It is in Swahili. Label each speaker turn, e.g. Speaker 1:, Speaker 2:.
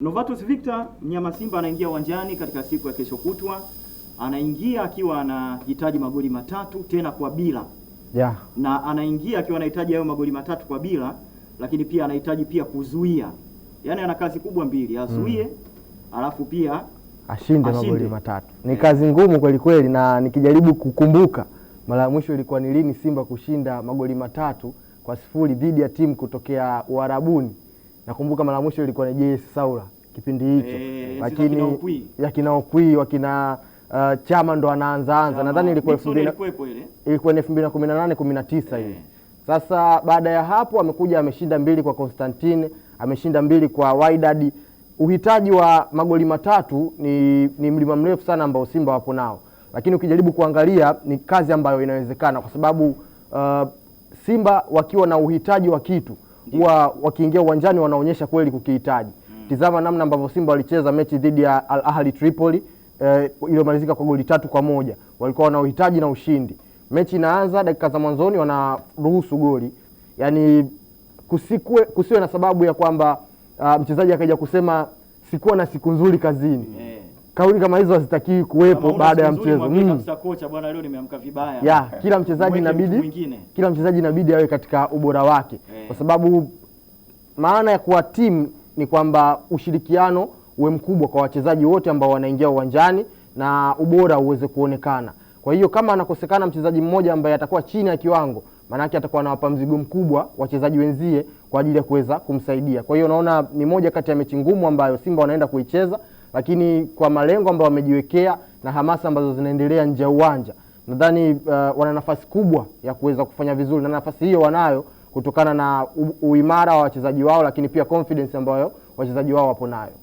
Speaker 1: Novatus Victor mnyama Simba anaingia uwanjani katika siku ya kesho kutwa, anaingia akiwa anahitaji magoli matatu tena kwa bila yeah. na anaingia akiwa anahitaji hayo magoli matatu kwa bila, lakini pia anahitaji pia kuzuia, yaani ana kazi kubwa mbili, azuie mm. alafu pia
Speaker 2: ashinde, magoli matatu. Ni eh. kazi ngumu kweli kweli, na nikijaribu kukumbuka mara ya mwisho ilikuwa ni lini Simba kushinda magoli matatu kwa sifuri dhidi ya timu kutokea Uarabuni nakumbuka mara mwisho ilikuwa ni JS Saula kipindi hicho e,
Speaker 1: lakini
Speaker 2: yakina Okwi wakina uh, Chama ndo anaanzaanza nadhani ilikuwa ilikuwa ni elfu mbili na kumi na nane kumi na tisa eh. sasa. Baada ya hapo amekuja ameshinda mbili kwa Constantine, ameshinda mbili kwa Wydad. Uhitaji wa magoli matatu ni, ni mlima mrefu sana ambao Simba wapo nao, lakini ukijaribu kuangalia ni kazi ambayo inawezekana kwa sababu uh, Simba wakiwa na uhitaji wa kitu huwa wakiingia uwanjani wanaonyesha kweli kukihitaji. Mm. Tizama namna ambavyo Simba walicheza mechi dhidi ya Al Ahli Tripoli eh, iliyomalizika kwa goli tatu kwa moja. Walikuwa wanauhitaji na ushindi. Mechi inaanza, dakika za mwanzoni wanaruhusu goli, yaani kusikwe, kusiwe na sababu ya kwamba uh, mchezaji akaja kusema sikuwa na siku nzuri kazini. Mm kauli kama hizo hazitakiwi kuwepo baada ya mchezo.
Speaker 1: Mm. Kocha bwana, leo nimeamka vibaya
Speaker 2: ya, kila mchezaji inabidi kila mchezaji inabidi awe katika ubora wake hey. Eh. Kwa sababu maana ya kuwa timu ni kwamba ushirikiano uwe mkubwa kwa wachezaji wote ambao wanaingia uwanjani na ubora uweze kuonekana. Kwa hiyo kama anakosekana mchezaji mmoja ambaye atakuwa chini ya kiwango, maanake atakuwa anawapa mzigo mkubwa wachezaji wenzie kwa ajili ya kuweza kumsaidia. Kwa hiyo naona ni moja kati ya mechi ngumu ambayo Simba wanaenda kuicheza lakini kwa malengo ambayo wamejiwekea na hamasa ambazo zinaendelea nje ya uwanja, nadhani uh, wana nafasi kubwa ya kuweza kufanya vizuri, na nafasi hiyo wanayo kutokana na uimara wa wachezaji wao, lakini pia confidence ambayo wachezaji wao wapo nayo.